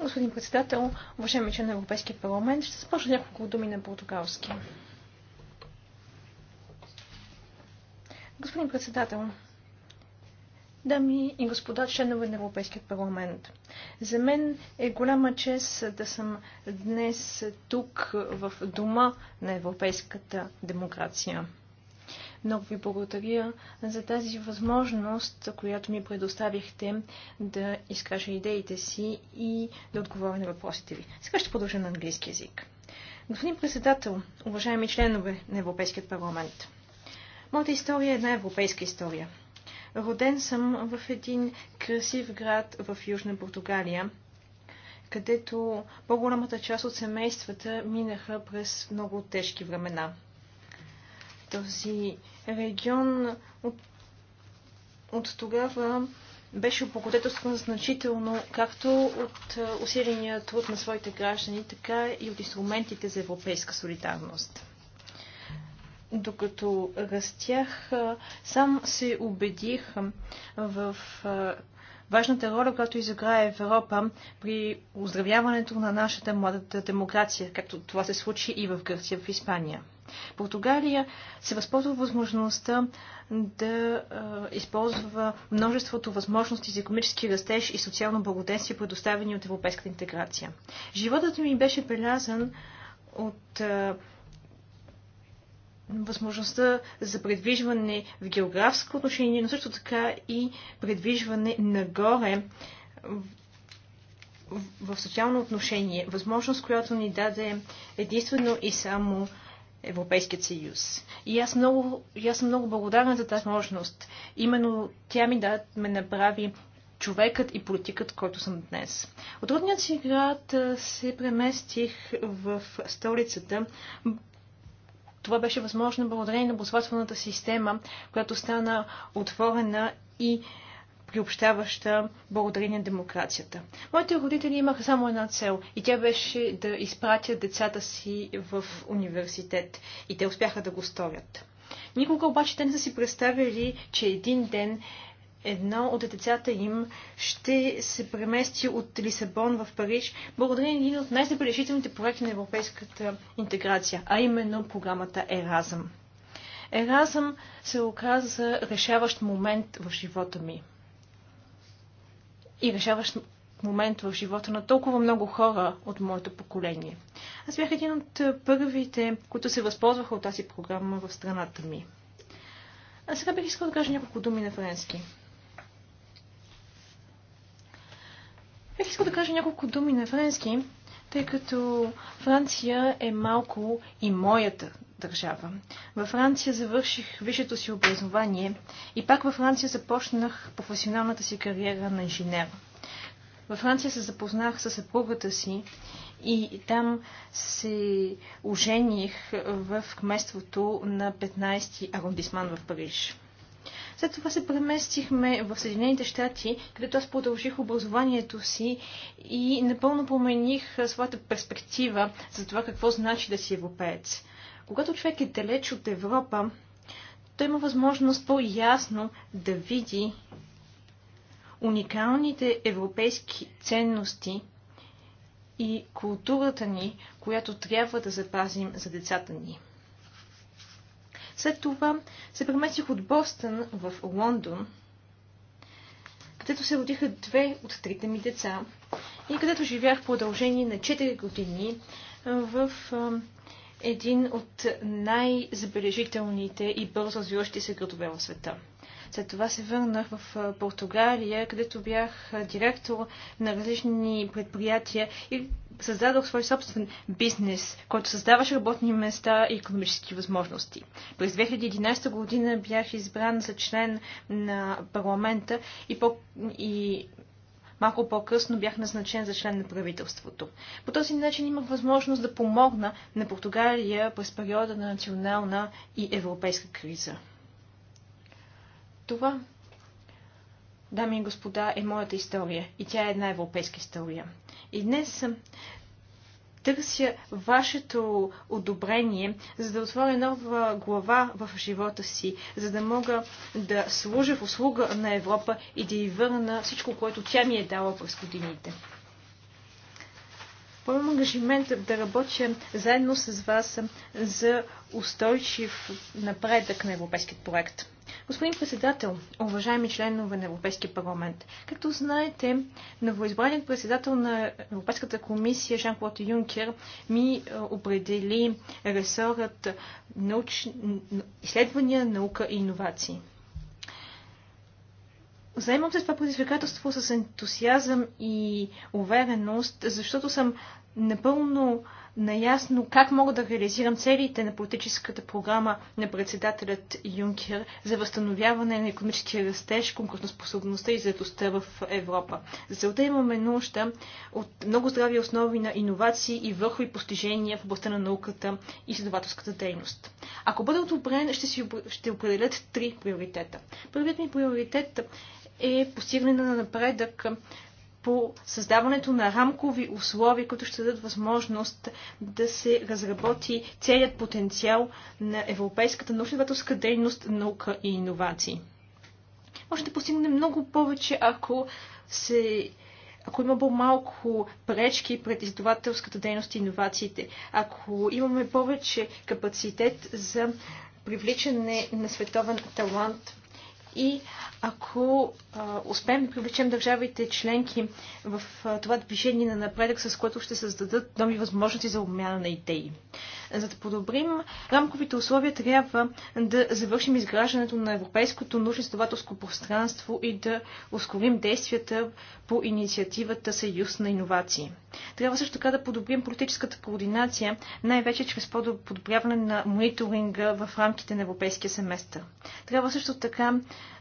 Господин председател, уважаеми член на Европейския парламент, ще започна няколко думи на португалски. Господин председател, дами и господа членове на Европейския парламент, за мен е голяма чест да съм днес тук в дома на европейската демокрация. Много ви благодаря за тази възможност, която ми предоставихте да изкажа идеите си и да отговоря на въпросите ви. Сега ще продължа на английски язик. Господин председател, уважаеми членове на Европейският парламент, моята история е една европейска история. Роден съм в един красив град в Южна Португалия, където по-голямата част от семействата минаха през много тежки времена. Този регион от, от тогава беше облагодетелстван значително както от е, усиления труд на своите граждани, така и от инструментите за европейска солидарност. Докато растях, е, сам се убедих в е, важната роля, която изиграе Европа при оздравяването на нашата младата демокрация, както това се случи и в Гърция, в Испания. Португалия се възползва възможността да използва множеството възможности за економически растеж и социално благоденствие, предоставени от европейската интеграция. Животът ми беше белязан от възможността за предвижване в географско отношение, но също така и предвижване нагоре в социално отношение, възможност, която ни даде единствено и само Европейският съюз. И аз, много, и аз съм много благодарна за тази възможност. Именно тя ми да ме направи човекът и политикът, който съм днес. От родният си град се преместих в столицата. Това беше възможно благодарение на образователната система, която стана отворена и приобщаваща благодарение на демокрацията. Моите родители имаха само една цел и тя беше да изпратят децата си в университет и те успяха да го сторят. Никога обаче те не са си представили, че един ден едно от децата им ще се премести от Лисабон в Париж, благодарение на един от най-забележителните проекти на европейската интеграция, а именно програмата Еразъм. Еразъм се оказа решаващ момент в живота ми и решаващ момент в живота на толкова много хора от моето поколение. Аз бях един от първите, които се възползваха от тази програма в страната ми. А сега бих искал да кажа няколко думи на френски. Бих искал да кажа няколко думи на френски, тъй като Франция е малко и моята държава. Във Франция завърших висшето си образование и пак във Франция започнах професионалната си кариера на инженер. Във Франция се запознах с съпругата си и там се ожених в кместството на 15-ти арондисман в Париж. След това се преместихме в Съединените щати, където аз продължих образованието си и напълно промених своята перспектива за това какво значи да си европеец. Когато човек е далеч от Европа, той има възможност по-ясно да види уникалните европейски ценности и културата ни, която трябва да запазим за децата ни. След това се преместих от Бостън в Лондон, където се родиха две от трите ми деца и където живях в продължение на 4 години в един от най-забележителните и бързо развиващи се градове в света. След това се върнах в Португалия, където бях директор на различни предприятия и създадох свой собствен бизнес, който създаваше работни места и економически възможности. През 2011 година бях избран за член на парламента и, по... и Малко по-късно бях назначен за член на правителството. По този начин имах възможност да помогна на Португалия през периода на национална и европейска криза. Това, дами и господа, е моята история и тя е една европейска история. И днес търся вашето одобрение, за да отворя нова глава в живота си, за да мога да служа в услуга на Европа и да й върна всичко, което тя ми е дала през годините поемам ангажимент да работя заедно с вас за устойчив напредък на европейският проект. Господин председател, уважаеми членове на Европейския парламент, както знаете, новоизбраният председател на Европейската комисия Жан-Клод Юнкер ми е, определи ресорът науч... изследвания, наука и иновации. Заемам се това предизвикателство с ентусиазъм и увереност, защото съм напълно наясно как мога да реализирам целите на политическата програма на председателят Юнкер за възстановяване на економическия растеж, конкурентоспособността и заедостта в Европа. За целта имаме нужда от много здрави основи на иновации и върхови постижения в областта на науката и следователската дейност. Ако бъда одобрен, ще, си, ще определят три приоритета. Първият ми приоритет е постигнена на напредък по създаването на рамкови условия, които ще дадат възможност да се разработи целият потенциал на европейската научно-изследователска дейност, наука и иновации. Може да постигне много повече, ако се ако има по-малко пречки пред издавателската дейност и иновациите, ако имаме повече капацитет за привличане на световен талант и ако а, успеем да привлечем държавите членки в а, това движение на напредък, с което ще създадат нови възможности за обмяна на идеи. За да подобрим рамковите условия, трябва да завършим изграждането на европейското научно-изследователско пространство и да ускорим действията по инициативата Съюз на иновации. Трябва също така да подобрим политическата координация, най-вече чрез подобряване на мониторинга в рамките на европейския семестър. Трябва също така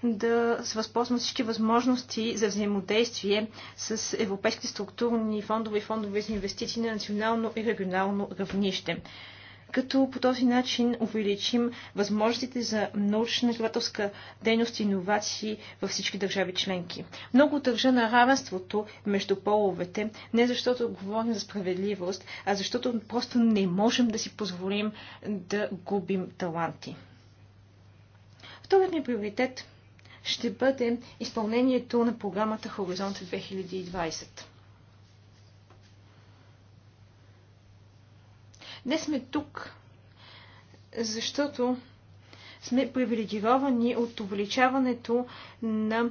да се възползваме всички възможности за взаимодействие с европейските структурни фондове и фондове за инвестиции на национално и регионално равнище като по този начин увеличим възможностите за научно изследователска дейност и иновации във всички държави членки. Много държа на равенството между половете, не защото говорим за справедливост, а защото просто не можем да си позволим да губим таланти. Вторият ми приоритет ще бъде изпълнението на програмата Хоризонт 2020. Днес сме тук, защото сме привилегировани от увеличаването на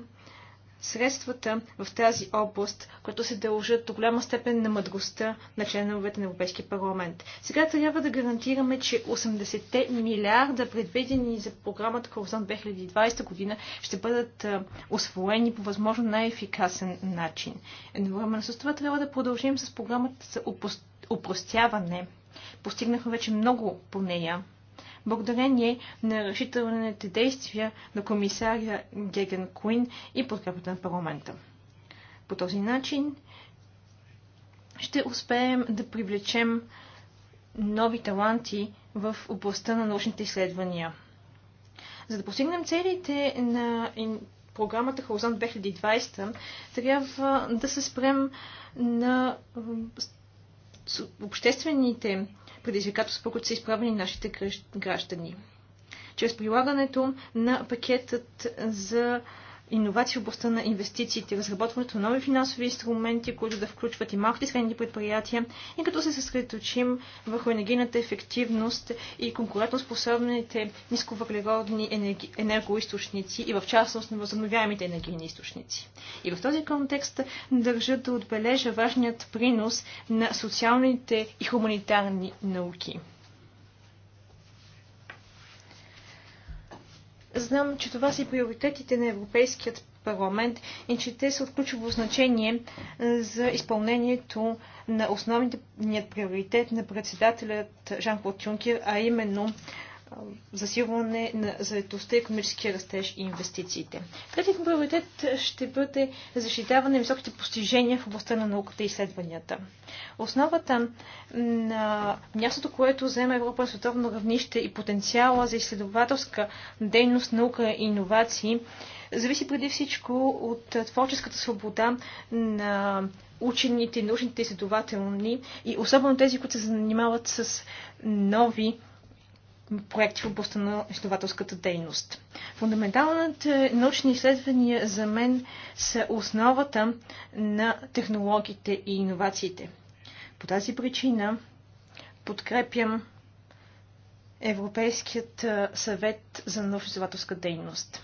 средствата в тази област, които се дължат до голяма степен на мъдростта на членовете на Европейския парламент. Сега трябва да гарантираме, че 80-те милиарда, предведени за програмата Хоризонт 2020 година, ще бъдат освоени по възможно най-ефикасен начин. Едновременно с това трябва да продължим с програмата за опростяване Постигнахме вече много по нея. Благодарение на решителните действия на комисаря Геген Куин и подкрепата на парламента. По този начин ще успеем да привлечем нови таланти в областта на научните изследвания. За да постигнем целите на програмата Хоризонт 2020, трябва да се спрем на обществените предизвикателства, по които са изправени нашите граждани. Чрез прилагането на пакетът за иновации в областта на инвестициите, разработването на нови финансови инструменти, които да включват и малките средни предприятия, и като се съсредоточим върху енергийната ефективност и конкурентоспособните нисковъглеродни енергоисточници и в частност на възобновяемите енергийни източници. И в този контекст държа да отбележа важният принос на социалните и хуманитарни науки. Знам, че това са и приоритетите на Европейският парламент и че те са от ключово значение е, за изпълнението на основният приоритет на председателят Жан-Клод Юнкер, а именно засилване на заедостта, економическия растеж и инвестициите. Третият приоритет ще бъде защитаване на високите постижения в областта на науката и изследванията. Основата на мястото, което заема Европа на световно равнище и потенциала за изследователска дейност, наука и иновации, зависи преди всичко от творческата свобода на учените, научните изследователни и особено тези, които се занимават с нови проекти в областта на изследователската дейност. Фундаменталните научни изследвания за мен са основата на технологиите и иновациите. По тази причина подкрепям Европейският съвет за научно-изследователска дейност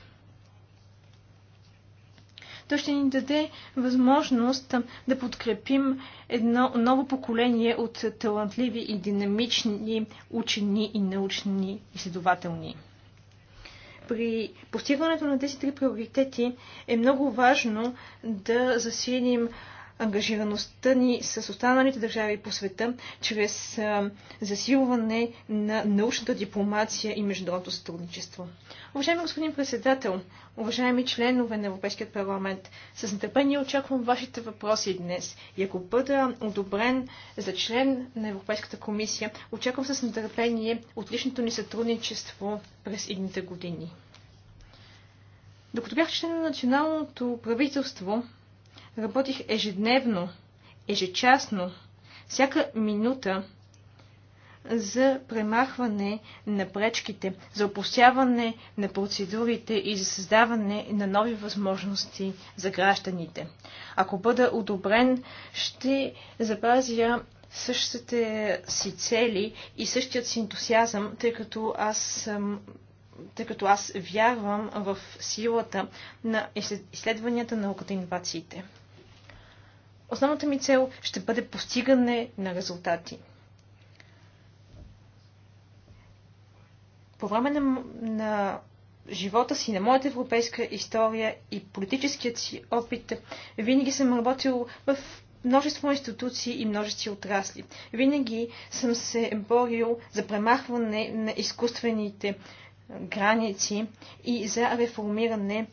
то ще ни даде възможност да подкрепим едно ново поколение от талантливи и динамични учени и научни изследователни. При постигането на тези три приоритети е много важно да засилим ангажираността ни с останалите държави по света, чрез засилване на научната дипломация и международното сътрудничество. Уважаеми господин председател, уважаеми членове на Европейския парламент, с нетърпение очаквам вашите въпроси днес и ако бъда одобрен за член на Европейската комисия, очаквам с нетърпение отличното ни сътрудничество през идните години. Докато бях член на националното правителство, Работих ежедневно, ежечасно, всяка минута за премахване на пречките, за опосяване на процедурите и за създаване на нови възможности за гражданите. Ако бъда одобрен, ще запазя същите си цели и същият си ентусиазъм, тъй като аз съм тъй като аз вярвам в силата на изследванията, науката и инновациите основната ми цел ще бъде постигане на резултати. По време на, на живота си, на моята европейска история и политическият си опит, винаги съм работил в множество институции и множество отрасли. Винаги съм се борил за премахване на изкуствените граници и за реформиране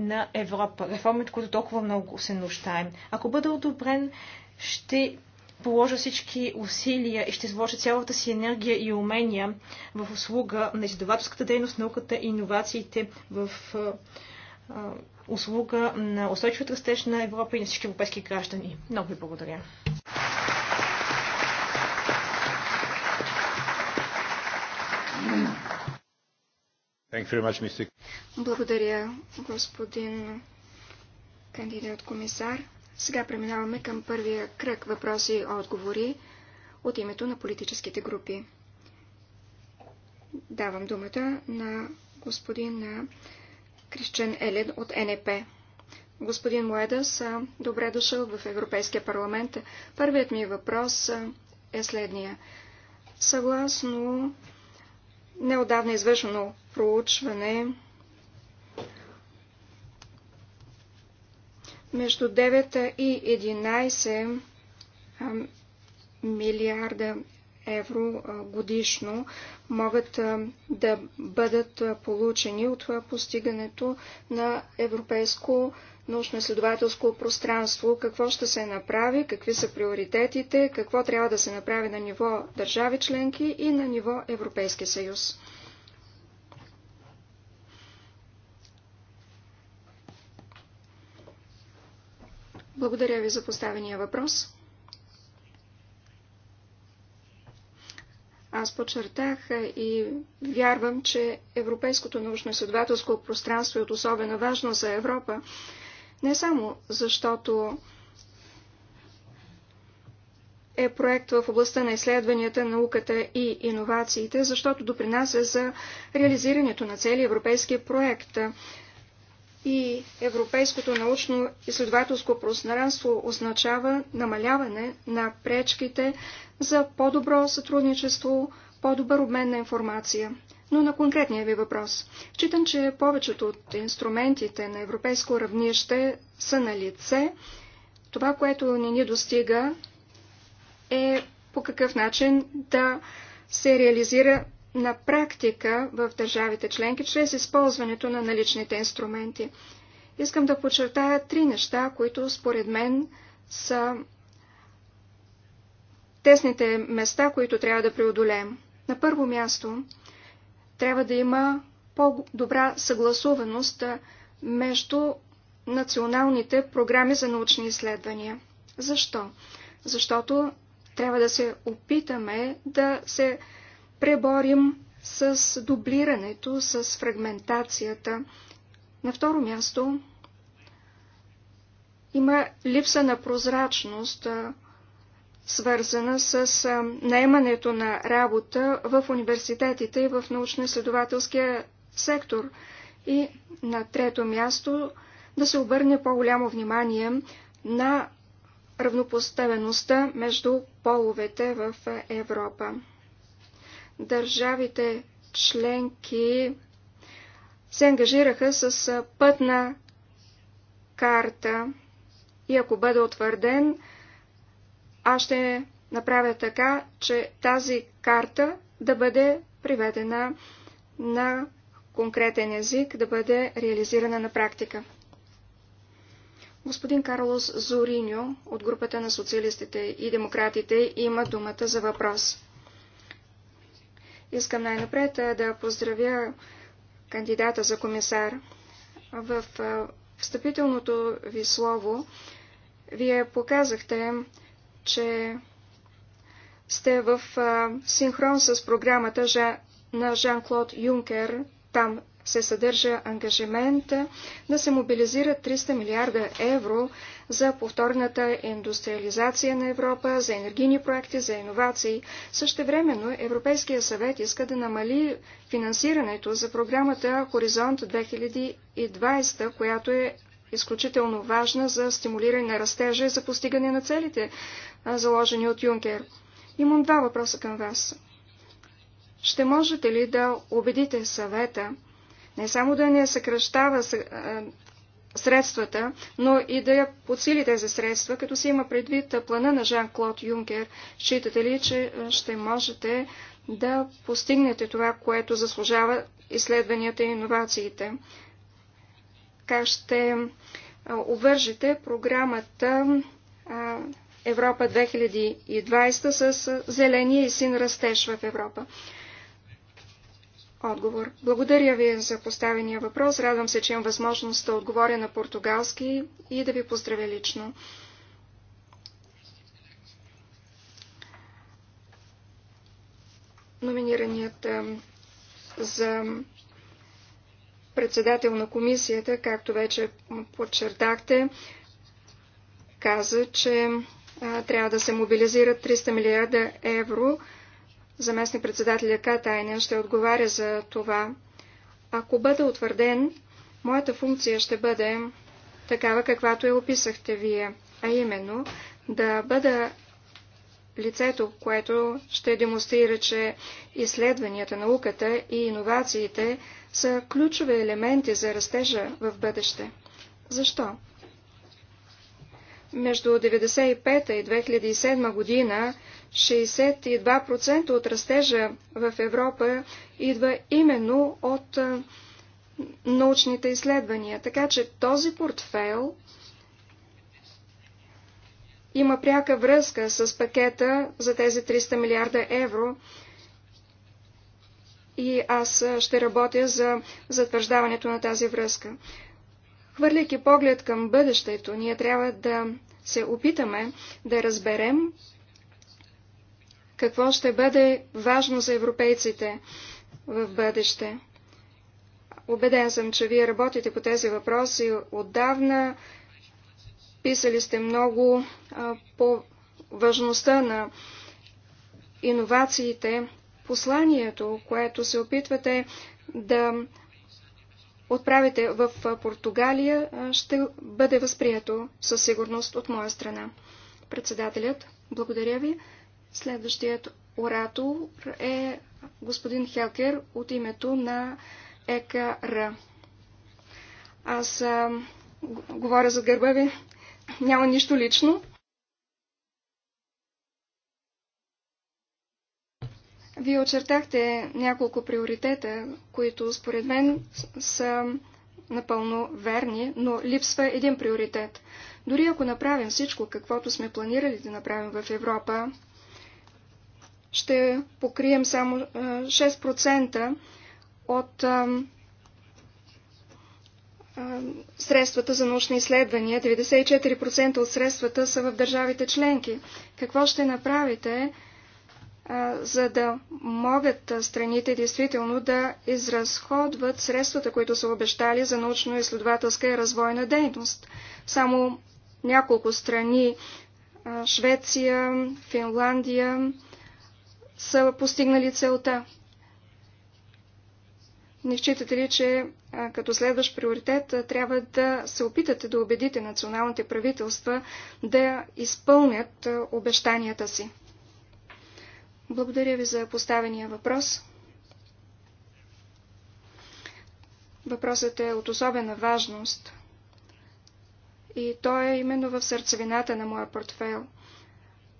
на Европа. Реформите, които толкова много се нуждаем. Ако бъда одобрен, ще положа всички усилия и ще изложа цялата си енергия и умения в услуга на изследователската дейност, науката и иновациите в услуга на устойчивата растеж на Европа и на всички европейски граждани. Много ви благодаря. Благодаря, господин кандидат комисар. Сега преминаваме към първия кръг въпроси и отговори от името на политическите групи. Давам думата на господин Крищен Елен от НЕП. Господин Моедас, добре дошъл в Европейския парламент. Първият ми въпрос е следния. Съгласно неодавна извършено проучване между 9 и 11 милиарда евро годишно могат да бъдат получени от постигането на европейско научно-изследователско пространство. Какво ще се направи, какви са приоритетите, какво трябва да се направи на ниво държави членки и на ниво Европейски съюз. Благодаря ви за поставения въпрос. Аз подчертах и вярвам, че европейското научно-изследователско пространство е от особена важно за Европа, не само защото е проект в областта на изследванията, науката и иновациите, защото допринася за реализирането на цели европейския проект и европейското научно-изследователско пространство означава намаляване на пречките за по-добро сътрудничество, по-добър обмен на информация. Но на конкретния ви въпрос. Читам, че повечето от инструментите на европейско равнище са на лице. Това, което не ни достига, е по какъв начин да се реализира на практика в държавите членки чрез използването на наличните инструменти. Искам да подчертая три неща, които според мен са тесните места, които трябва да преодолеем. На първо място трябва да има по-добра съгласуваност между националните програми за научни изследвания. Защо? Защото трябва да се опитаме да се преборим с дублирането, с фрагментацията. На второ място има липса на прозрачност, свързана с наемането на работа в университетите и в научно-изследователския сектор. И на трето място да се обърне по-голямо внимание на равнопоставеността между половете в Европа държавите членки се ангажираха с пътна карта и ако бъде утвърден, аз ще направя така, че тази карта да бъде приведена на конкретен език, да бъде реализирана на практика. Господин Карлос Зориньо от групата на социалистите и демократите има думата за въпрос. Искам най-напред да поздравя кандидата за комисар. В встъпителното ви слово вие показахте, че сте в синхрон с програмата на Жан-Клод Юнкер там се съдържа ангажимент да се мобилизират 300 милиарда евро за повторната индустриализация на Европа, за енергийни проекти, за иновации. Същевременно Европейския съвет иска да намали финансирането за програмата Хоризонт 2020, която е изключително важна за стимулиране на растежа и за постигане на целите, заложени от Юнкер. Имам два въпроса към вас. Ще можете ли да убедите съвета, не само да не съкръщава средствата, но и да я подсили тези средства, като се има предвид плана на Жан-Клод Юнкер. Считате ли, че ще можете да постигнете това, което заслужава изследванията и иновациите? Как ще обвържете програмата Европа 2020 с зеления и син растеж в Европа? отговор. Благодаря ви за поставения въпрос. Радвам се, че имам възможност да отговоря на португалски и да ви поздравя лично. Номинираният за председател на комисията, както вече подчертахте, каза, че трябва да се мобилизират 300 милиарда евро заместник председателя Тайнен ще отговаря за това. Ако бъда утвърден, моята функция ще бъде такава, каквато я описахте вие, а именно да бъда лицето, което ще демонстрира, че изследванията, науката и иновациите са ключови елементи за растежа в бъдеще. Защо? Между 1995 и 2007 година 62% от растежа в Европа идва именно от научните изследвания. Така че този портфейл има пряка връзка с пакета за тези 300 милиарда евро и аз ще работя за затвърждаването на тази връзка. Хвърляйки поглед към бъдещето, ние трябва да се опитаме да разберем какво ще бъде важно за европейците в бъдеще. Обеден съм, че вие работите по тези въпроси отдавна. Писали сте много а, по важността на иновациите. Посланието, което се опитвате да отправите в Португалия, ще бъде възприето със сигурност от моя страна. Председателят, благодаря ви. Следващият оратор е господин Хелкер от името на ЕКР. Аз а, говоря за гърба ви. Няма нищо лично. Вие очертахте няколко приоритета, които според мен са напълно верни, но липсва един приоритет. Дори ако направим всичко, каквото сме планирали да направим в Европа, ще покрием само 6% от средствата за научни изследвания. 94% от средствата са в държавите членки. Какво ще направите, за да могат страните действително да изразходват средствата, които са обещали за научно-изследователска и развойна дейност? Само няколко страни Швеция, Финландия, са постигнали целта. Не считате ли, че като следващ приоритет трябва да се опитате да убедите националните правителства да изпълнят обещанията си? Благодаря ви за поставения въпрос. Въпросът е от особена важност. И той е именно в сърцевината на моя портфел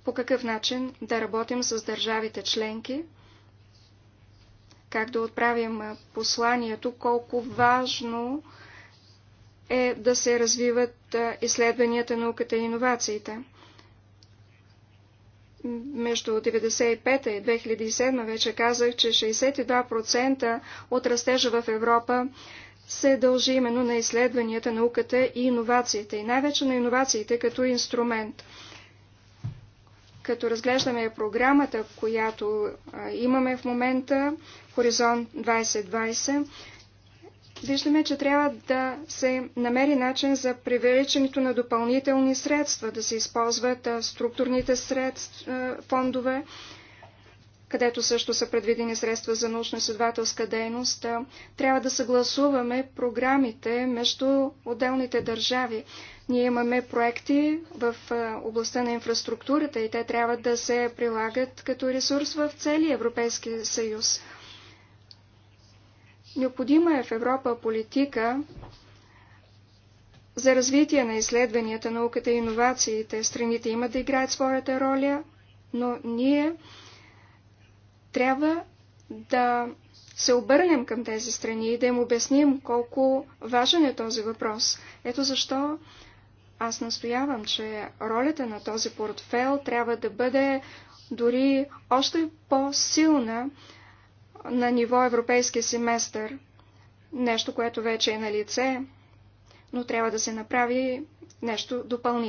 по какъв начин да работим с държавите членки, как да отправим посланието, колко важно е да се развиват изследванията, науката и иновациите. Между 1995 и 2007 вече казах, че 62% от растежа в Европа се дължи именно на изследванията, науката и иновациите, и най-вече на иновациите като инструмент – като разглеждаме програмата, която имаме в момента, Хоризонт 2020, виждаме, че трябва да се намери начин за превеличането на допълнителни средства, да се използват структурните средства, фондове, където също са предвидени средства за научно-изследователска дейност. Трябва да съгласуваме програмите между отделните държави. Ние имаме проекти в областта на инфраструктурата и те трябва да се прилагат като ресурс в целия Европейски съюз. Необходима е в Европа политика за развитие на изследванията, науката и иновациите. Страните имат да играят своята роля, но ние трябва да се обърнем към тези страни и да им обясним колко важен е този въпрос. Ето защо аз настоявам, че ролята на този портфел трябва да бъде дори още по-силна на ниво европейски семестър. Нещо, което вече е на лице, но трябва да се направи нещо допълнително.